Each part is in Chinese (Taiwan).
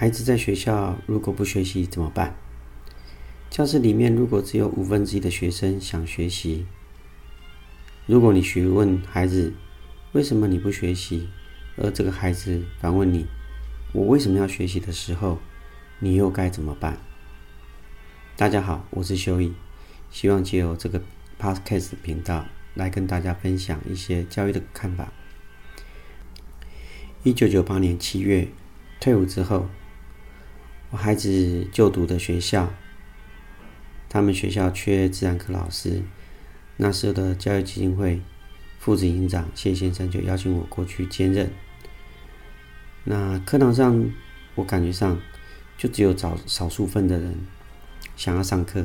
孩子在學校如果不學習怎麼辦？教室裡面如果只有五分之一的學生想學習，如果你詢問孩子為什麼你不學習，而這個孩子反問你“我為什麼要學習”的時候，你又該怎麼辦？大家好，我是修一，希望借由這個 Podcast 頻道來跟大家分享一些教育的看法。一九九八年七月退伍之後，我孩子就讀的學校，他們學校缺自然科老師。那時候的教育基金會副執行長謝先生就邀請我過去兼任。那課堂上，我感覺上就只有少少數份的人想要上課，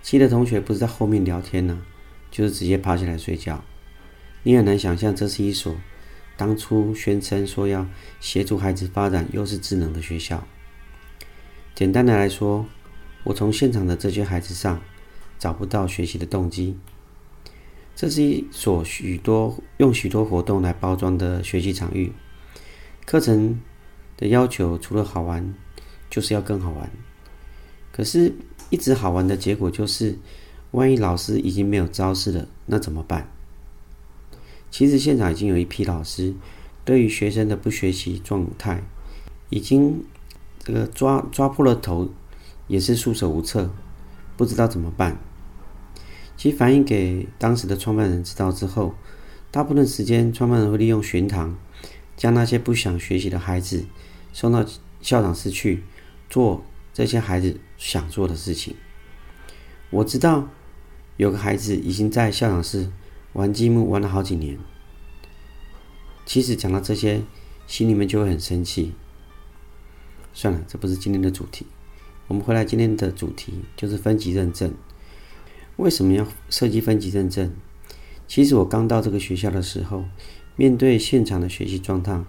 其餘的同學不是在後面聊天呢、啊，就是直接趴起來睡覺。你很難想象，這是一所當初宣稱說要協助孩子發展優勢智能的學校。簡單的來說，我從現場的這些孩子上找不到學習的動機。這是一所許多用許多活動來包裝的學習場域，課程的要求除了好玩，就是要更好玩。可是，一直好玩的結果就是，萬一老師已經沒有招式了，那怎麼辦？其實，現場已經有一批老師，對於學生的不學習狀態，已經。這個抓抓破了頭，也是束手無策，不知道怎麼辦。其反映給當時的創辦人知道之後，大部分時間創辦人會利用巡堂，將那些不想學習的孩子送到校長室去做這些孩子想做的事情。我知道有個孩子已經在校長室玩積木玩了好幾年。其實講到這些，心裡面就會很生氣。算了，這不是今天的主題。我們回來，今天的主題就是分級認證。為什麼要設計分級認證？其實我剛到這個學校的時候，面對現場的學習狀態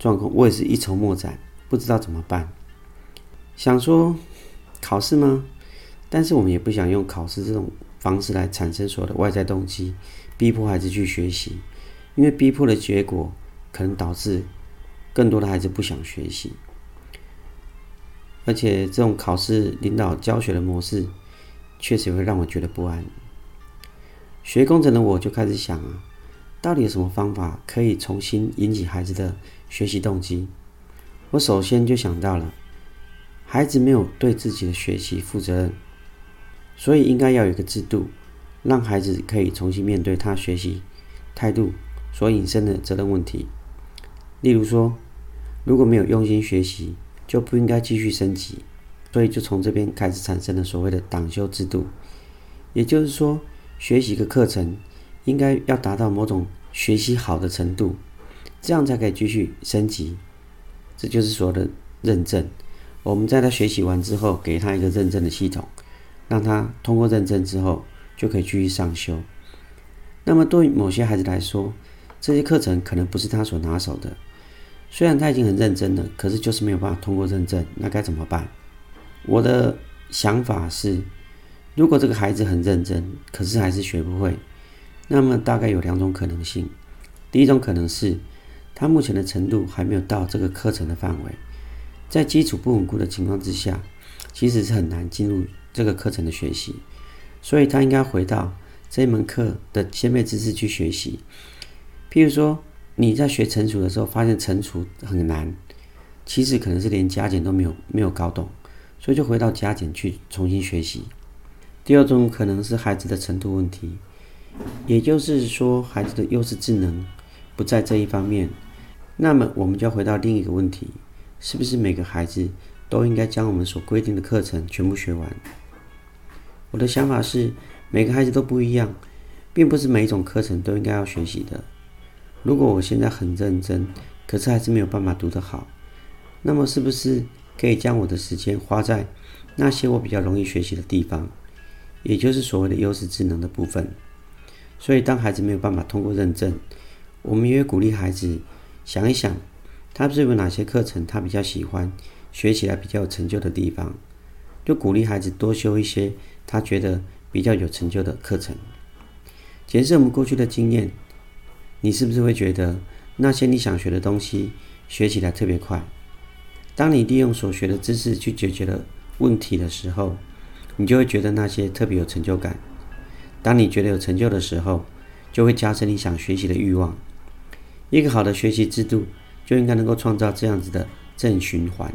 狀況，我也是一籌莫展，不知道怎麼辦。想說考試嗎？但是我們也不想用考試這種方式來產生所謂的外在動機，逼迫孩子去學習，因為逼迫的結果可能導致更多的孩子不想學習。而且這種考試領導教學的模式，確實會讓我覺得不安。學工程的我就開始想啊，到底有什麼方法可以重新引起孩子的學習動機？我首先就想到了，孩子沒有對自己的學習負責任，所以應該要有個制度，讓孩子可以重新面對他學習態度所引申的責任問題。例如說，如果沒有用心學習，就不應該繼續升級，所以就從這邊開始產生了所謂的擋修制度，也就是說，學習一個課程應該要達到某種學習好的程度，這樣才可以繼續升級。這就是所謂的認證。我們在他學習完之後，給他一個認證的系統，讓他通過認證之後就可以繼續上修。那麼對於某些孩子來說，這些課程可能不是他所拿手的。雖然他已經很認真了，可是就是沒有辦法通過認證，那該怎麼辦？我的想法是，如果這個孩子很認真，可是還是學不會，那麼大概有兩種可能性。第一種可能是他目前的程度還沒有到這個課程的範圍，在基礎不穩固的情況之下，其實是很難進入這個課程的學習，所以他應該回到這一門課的先備知識去學習，譬如說。你在學乘除的時候，發現乘除很難，其實可能是連加減都沒有沒有搞懂，所以就回到加減去重新學習。第二種可能是孩子的程度問題，也就是說孩子的優勢智能不在這一方面，那麼我們就要回到另一個問題，是不是每個孩子都應該將我們所規定的課程全部學完？我的想法是，每個孩子都不一樣，並不是每一種課程都應該要學習的。如果我現在很認真，可是還是沒有辦法讀得好，那麼是不是可以將我的時間花在那些我比較容易學習的地方，也就是所謂的優勢智能的部分？所以，當孩子沒有辦法通過認證，我們也會鼓勵孩子想一想，他是有哪些課程他比較喜歡，學起來比較有成就的地方，就鼓勵孩子多修一些他覺得比較有成就的課程。檢視我們過去的經驗。你是不是會覺得那些你想學的東西學起來特別快？當你利用所學的知識去解決了問題的時候，你就會覺得那些特別有成就感。當你覺得有成就的時候，就會加深你想學習的欲望。一個好的學習制度，就應該能夠創造這樣子的正循環。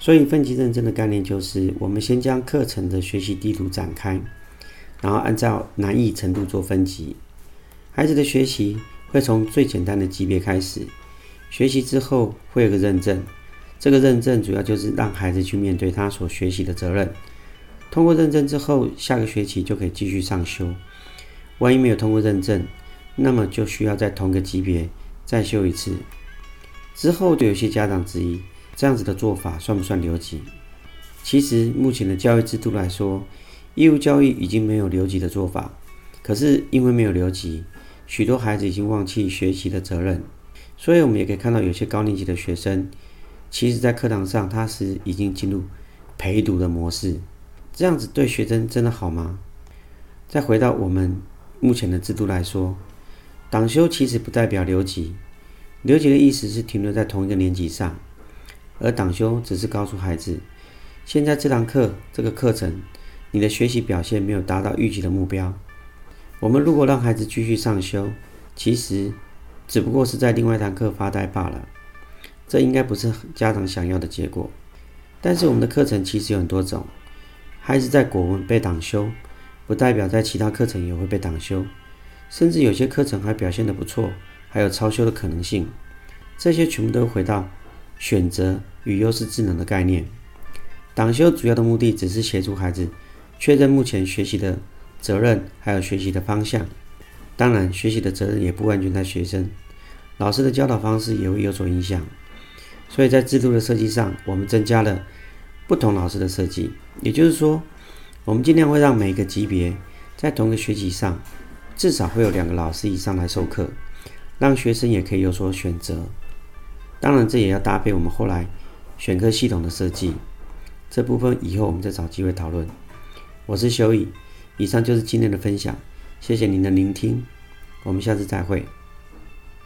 所以分級認證的概念就是，我們先將課程的學習地圖展開，然後按照難易程度做分級。孩子的學習。會從最簡單的級別開始學習，之後會有個認證。這個認證主要就是讓孩子去面對他所學習的責任。通過認證之後，下個學期就可以繼續上修。萬一沒有通過認證，那麼就需要在同個級別再修一次。之後就有些家長質疑，這樣子的做法算不算留級？其實目前的教育制度來說，義務教育已經沒有留級的做法。可是因為沒有留級。許多孩子已經忘記學習的責任，所以我們也可以看到，有些高年級的學生，其實在課堂上他是已經進入陪讀的模式，這樣子對學生真的好嗎？再回到我們目前的制度來說，擋修其實不代表留級，留級的意思是停留在同一個年級上，而擋修只是告訴孩子，現在這堂課這個課程，你的學習表現沒有達到預期的目標。我們如果讓孩子繼續上修，其實只不過是在另外一堂課發呆罷了。這應該不是家長想要的結果。但是我們的課程其實有很多種，孩子在國文被擋修，不代表在其他課程也會被擋修，甚至有些課程還表現得不錯，還有超修的可能性。這些全部都回到選擇與優勢智能的概念。擋修主要的目的只是協助孩子確認目前學習的責任還有學習的方向，當然學習的責任也不完全在學生，老師的教導方式也會有所影響，所以在制度的設計上，我們增加了不同老師的設計，也就是說，我們盡量會讓每個級別在同一個學習上至少會有兩個老師以上來授課，讓學生也可以有所選擇。當然，這也要搭配我們後來選課系統的設計，這部分以後我們再找機會討論。我是修義。以上就是今天的分享，謝謝您的聆聽，我們下次再會。